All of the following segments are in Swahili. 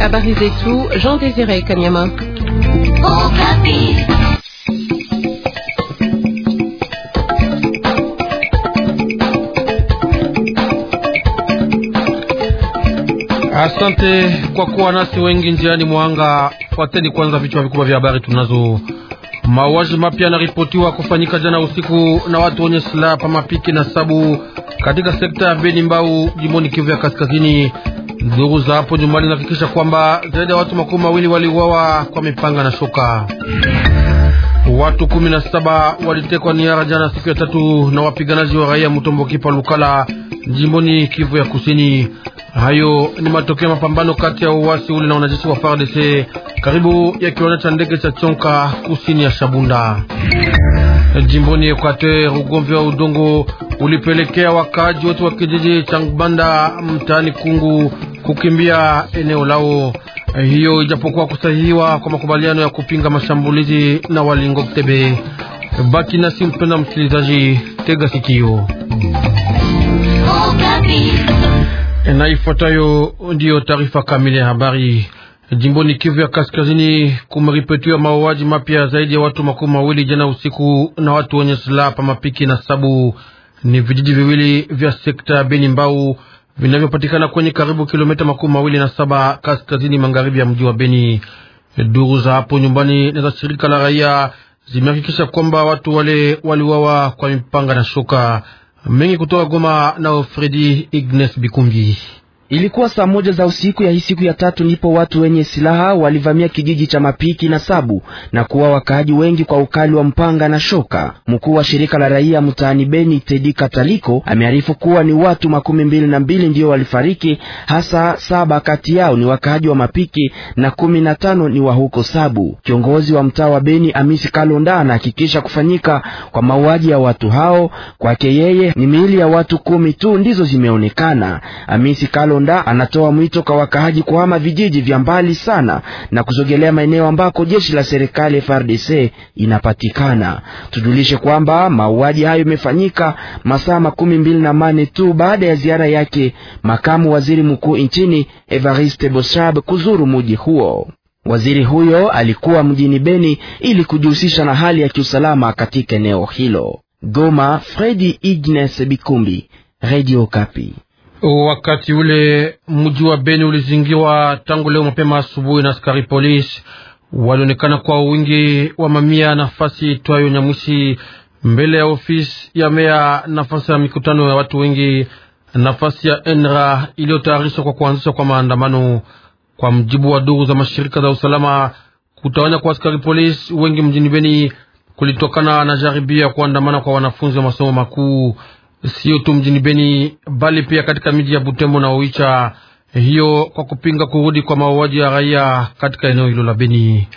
Habari zetu Jean Désiré Kanyama. Asante kwa kuwa nasi wengi njiani mwanga. Fuateni kwanza vichwa vikubwa vya habari tunazo Mauaji mapya yanaripotiwa kufanyika jana usiku na watu wenye silaha pa Mapiki na Sabu katika sekta ya Beni Mbau jimboni Kivu ya Kaskazini. Ndugu za hapo nyumbani inahakikisha kwamba zaidi ya watu makumi mawili waliuawa kwa mipanga na shoka. Watu kumi na saba walitekwa niara jana siku ya tatu na wapiganaji wa raia Mutomboki pa Lukala jimboni Kivu ya Kusini. Hayo ni matokeo ya mapambano kati ya uasi ule na wanajeshi wa FARDC karibu ya kiwanja cha ndege cha Chonka kusini ya Shabunda jimboni Ekwateur. Ugomvi wa udongo ulipelekea wakaaji wote wa kijiji cha Ngbanda mtaani Kungu kukimbia eneo lao, hiyo ijapokuwa kusahihiwa kwa makubaliano ya kupinga mashambulizi na walingo Tebe. Baki nasi mpenda msikilizaji, tega sikio. Oh, Eh, na ifuatayo ndiyo taarifa kamili ya habari. Jimboni Kivu ya Kaskazini kumeripotiwa mauaji mapya zaidi ya watu makumi mawili jana usiku na watu wenye silaha pa Mapiki na Sabu. Ni vijiji viwili vya sekta ya Beni Mbau vinavyopatikana kwenye karibu kilomita makumi mawili na saba kaskazini magharibi ya mji wa Beni. Duru za hapo nyumbani na za shirika la raia zimehakikisha kwamba watu wale waliuawa kwa mipanga na shoka mengi kutoka Goma nao Fredi ignes Bikumbi. Ilikuwa saa moja za usiku ya hii siku ya tatu ndipo watu wenye silaha walivamia kijiji cha Mapiki na Sabu na kuwa wakaaji wengi kwa ukali wa mpanga na shoka. Mkuu wa shirika la raia mtaani Beni, Tedi Kataliko, amearifu kuwa ni watu makumi mbili na mbili ndio walifariki, hasa saba kati yao ni wakaaji wa Mapiki na kumi na tano ni wa huko Sabu. Kiongozi wa mtaa wa Beni, Amisi Kalonda, anahakikisha kufanyika kwa mauaji ya watu hao. Kwake yeye ni miili ya watu kumi tu ndizo zimeonekana. Amisi Kalonda Makonda anatoa mwito kwa wakaaji kuhama vijiji vya mbali sana na kusogelea maeneo ambako jeshi la serikali FRDC inapatikana. Tujulishe kwamba mauaji hayo imefanyika masaa makumi mbili na mane tu baada ya ziara yake makamu waziri mkuu nchini Evariste Boshab kuzuru muji huo. Waziri huyo alikuwa mjini Beni ili kujihusisha na hali ya kiusalama katika eneo hilo. Goma, Fredi Ignace Bikumbi, Radio Kapi. Wakati ule mji wa Beni ulizingiwa tangu leo mapema asubuhi na askari polisi walionekana kwa wingi wa mamia, nafasi itwayo Nyamwisi mbele ya ofisi ya meya, nafasi ya mikutano ya watu wengi, nafasi ya ENRA iliyotayarishwa kwa kuanzishwa kwa maandamano. Kwa mjibu wa duru za mashirika za usalama, kutawanya kwa askari polisi wengi mjini Beni kulitokana na jaribio ya kuandamana kwa wanafunzi wa masomo makuu sio tu mjini Beni bali pia katika miji ya Butembo na Uicha, hiyo kwa kupinga kurudi kwa mauaji ya raia katika eneo hilo la Beni.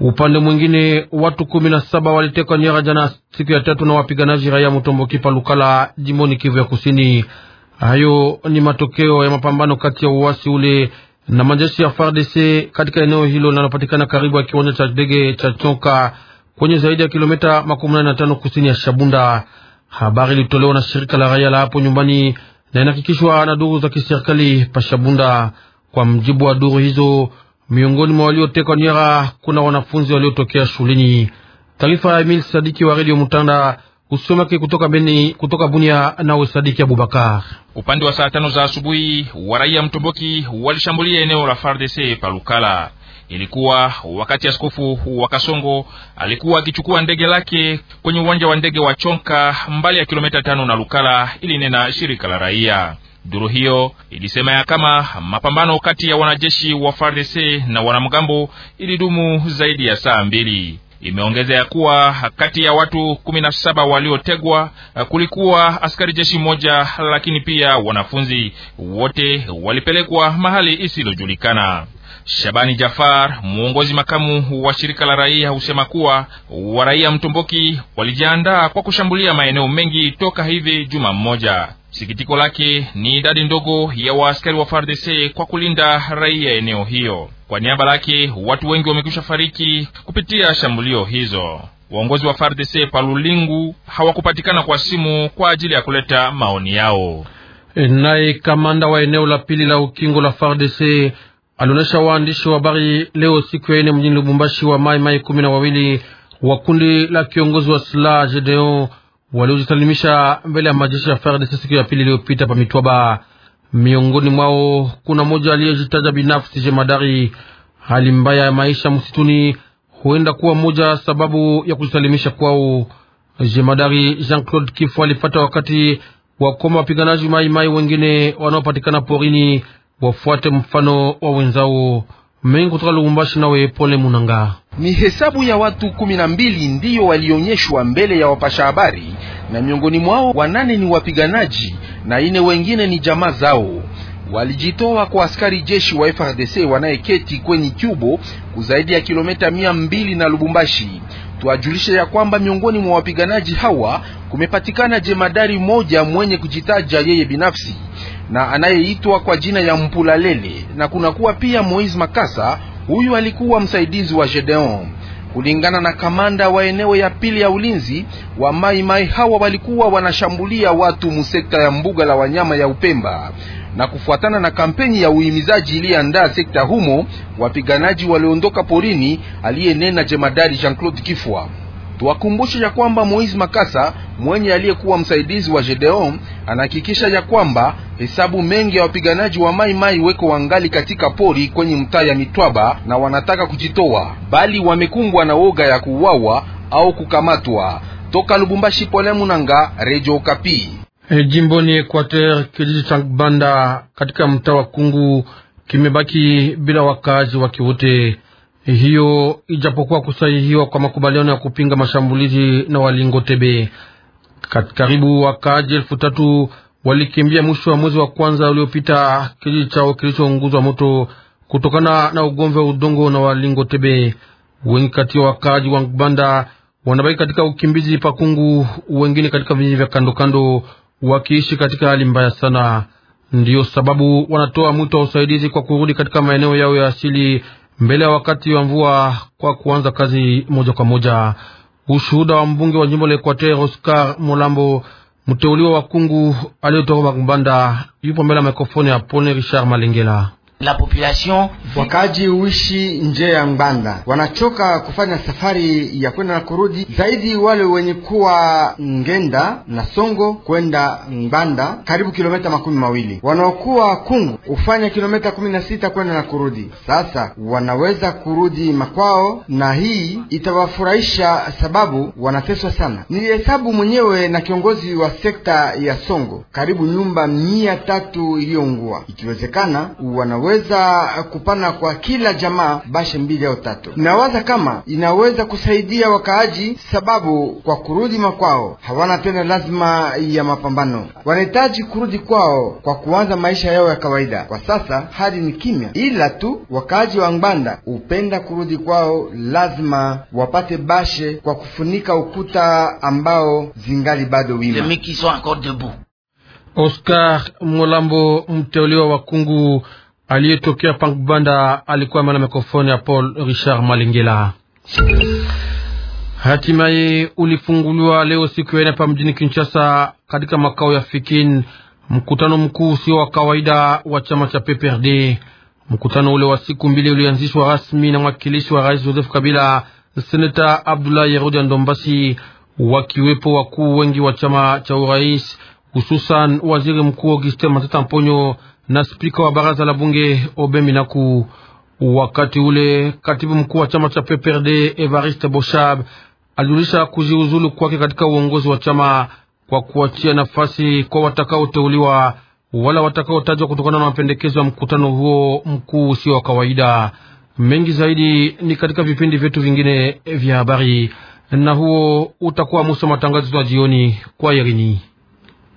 Upande mwingine watu kumi na saba walitekwa nyara jana siku ya tatu na wapiganaji raia Mutomboki Lukala, jimoni Kivu ya Kusini. Hayo ni matokeo ya mapambano kati ya uasi ule na majeshi ya FARDC katika eneo hilo linalopatikana karibu ya kiwanja cha ndege cha Chonka kwenye zaidi ya kilomita makumi nane na tano kusini ya Shabunda. Habari ilitolewa na shirika la raia la hapo nyumbani na inahakikishwa na duru za kiserikali Pashabunda. Kwa mjibu wa duru hizo, miongoni mwa waliotekwa nyara kuna wanafunzi waliotokea shuleni. Taarifa ya Emil Sadiki wa Radio Mutanda usomake kutoka Beni, kutoka Bunia na Usadiki Abubakar. Upande wa saa tano za asubuhi, waraia mtomboki walishambulia eneo la FARDC palukala Ilikuwa wakati askofu wa Kasongo alikuwa akichukua ndege lake kwenye uwanja wa ndege wa Chonka, mbali ya kilomita tano na Lukala, ilinena shirika la raia. Duru hiyo ilisema ya kama mapambano kati ya wanajeshi wa FARDC na wanamgambo ilidumu zaidi ya saa mbili. Imeongezea kuwa kati ya watu kumi na saba waliotegwa kulikuwa askari jeshi moja, lakini pia wanafunzi wote walipelekwa mahali isilojulikana. Shabani Jafar, mwongozi makamu wa shirika la raia, husema kuwa waraia Mtomboki walijiandaa kwa kushambulia maeneo mengi toka hivi juma mmoja. Sikitiko lake ni idadi ndogo ya waaskari wa FARDC kwa kulinda raia eneo hiyo. Kwa niaba lake, watu wengi wamekwisha fariki kupitia shambulio hizo. Waongozi wa FARDC palulingu hawakupatikana kwa simu kwa ajili ya kuleta maoni yao. Naye kamanda wa eneo la pili la ukingo la FARDC alionyesha waandishi wa habari leo siku ya ine mjini Lubumbashi wa Mai Mai kumi na wawili wa kundi la kiongozi wa silaha Gedeon waliojisalimisha mbele ya majeshi ya FARDC siku ya pili iliyopita pamitwaba. Miongoni mwao kuna mmoja aliyejitaja binafsi jemadari. Hali mbaya ya maisha msituni huenda kuwa moja sababu ya kujisalimisha kwao. Jemadari Jean-Claude Kifo alipata wakati wa koma wapiganaji maimai wengine wanaopatikana porini wafuate mfano wa wenzao. Mengi kutoka Lubumbashi, nawe Pole Munanga. Ni hesabu ya watu kumi na mbili ndiyo walionyeshwa mbele ya wapasha habari, na miongoni mwao wanane ni wapiganaji na ine wengine ni jamaa zao walijitoa kwa askari jeshi wa FRDC wanayeketi kwenye Kyubo kuzaidi ya kilomita mia mbili na Lubumbashi. Tuajulishe ya kwamba miongoni mwa wapiganaji hawa kumepatikana jemadari moja mwenye kujitaja yeye binafsi na anayeitwa kwa jina ya Mpulalele na kunakuwa pia Moise Makasa. Huyu alikuwa msaidizi wa Gedeon. Kulingana na kamanda wa eneo ya pili ya ulinzi wa Mai Mai, hawa walikuwa wanashambulia watu musekta ya mbuga la wanyama ya Upemba na kufuatana na kampeni ya uhimizaji iliyoandaa sekta humo, wapiganaji waliondoka porini, aliyenena jemadari Jean-Claude Kifwa. Tuwakumbushe ya kwamba Moise Makasa mwenye aliyekuwa msaidizi wa Gedeon anahakikisha ya kwamba hesabu mengi ya wapiganaji wa Mai Mai weko wangali katika pori kwenye mtaa ya Mitwaba na wanataka kujitoa, bali wamekumbwa na woga ya kuuawa au kukamatwa. Toka Lubumbashi, Pole Munanga, Radio Okapi. E, eh, jimboni Equateur kijiji cha Banda katika mtaa wa Kungu kimebaki bila wakazi wake wote, eh, hiyo ijapokuwa kusahihiwa kwa makubaliano ya kupinga mashambulizi na walingo tebe. Karibu wakazi elfu tatu walikimbia mwisho wa mwezi wa kwanza uliopita kijiji chao kilichounguzwa moto kutokana na ugomvi wa udongo na walingo tebe. Wengi kati ya wakazi wa Banda wanabaki katika ukimbizi Pakungu, wengine katika vijiji vya kandokando wakiishi katika hali mbaya sana. Ndiyo sababu wanatoa mwito wa usaidizi kwa kurudi katika maeneo yao ya asili mbele ya wakati wa mvua kwa kuanza kazi moja kwa moja. Ushuhuda wa mbunge wa jimbo la Equateur Oscar Molambo, mteuliwa wa Kungu aliyetoka Bakumbanda, yupo mbele ya mikrofoni ya Pone Richard Malengela la population wakaji uishi nje ya Mbanda wanachoka kufanya safari ya kwenda na kurudi, zaidi wale wenye kuwa Ngenda na Songo kwenda Mbanda karibu kilomita makumi mawili, wanaokuwa Kungu hufanya kilomita kumi na sita kwenda na kurudi. Sasa wanaweza kurudi makwao, na hii itawafurahisha sababu wanateswa sana. Nilihesabu mwenyewe na kiongozi wa sekta ya Songo, karibu nyumba mia tatu iliyoungua, ikiwezekana wana tunaweza kupana kwa kila jamaa bashe mbili au tatu. Nawaza kama inaweza kusaidia wakaaji, sababu kwa kurudi makwao hawana tena lazima ya mapambano, wanahitaji kurudi kwao kwa kuanza maisha yao ya kawaida. Kwa sasa hali ni kimya, ila tu wakaaji wa Ngbanda upenda kurudi kwao, lazima wapate bashe kwa kufunika ukuta ambao zingali bado wima. Oscar Molambo mteuliwa wa Kungu aliyetokea Pankbanda alikuwa mwana mikrofoni ya Paul Richard Malengela. Hatimaye ulifunguliwa leo siku ya ine pa mjini Kinshasa, katika makao ya Fikin, mkutano mkuu usio wa kawaida wa chama cha PPRD. Mkutano ule wa siku mbili ulianzishwa rasmi na mwakilishi wa rais Joseph Kabila, seneta Abdulahi Rodia Ndombasi, wakiwepo wakuu wengi wa chama cha urais hususan waziri mkuu Augustin Matata Mponyo na spika wa baraza la bunge Obemi Naku. Wakati ule katibu mkuu wa chama cha PPRD Evariste Boshab alijulisha kujiuzulu kwake katika uongozi wa chama kwa kuachia nafasi kwa watakaoteuliwa wala watakaotajwa kutokana na mapendekezo ya mkutano huo mkuu usio wa kawaida. Mengi zaidi ni katika vipindi vyetu vingine vya habari, na huo utakuwa mwisho matangazo ya jioni. Kwa herini.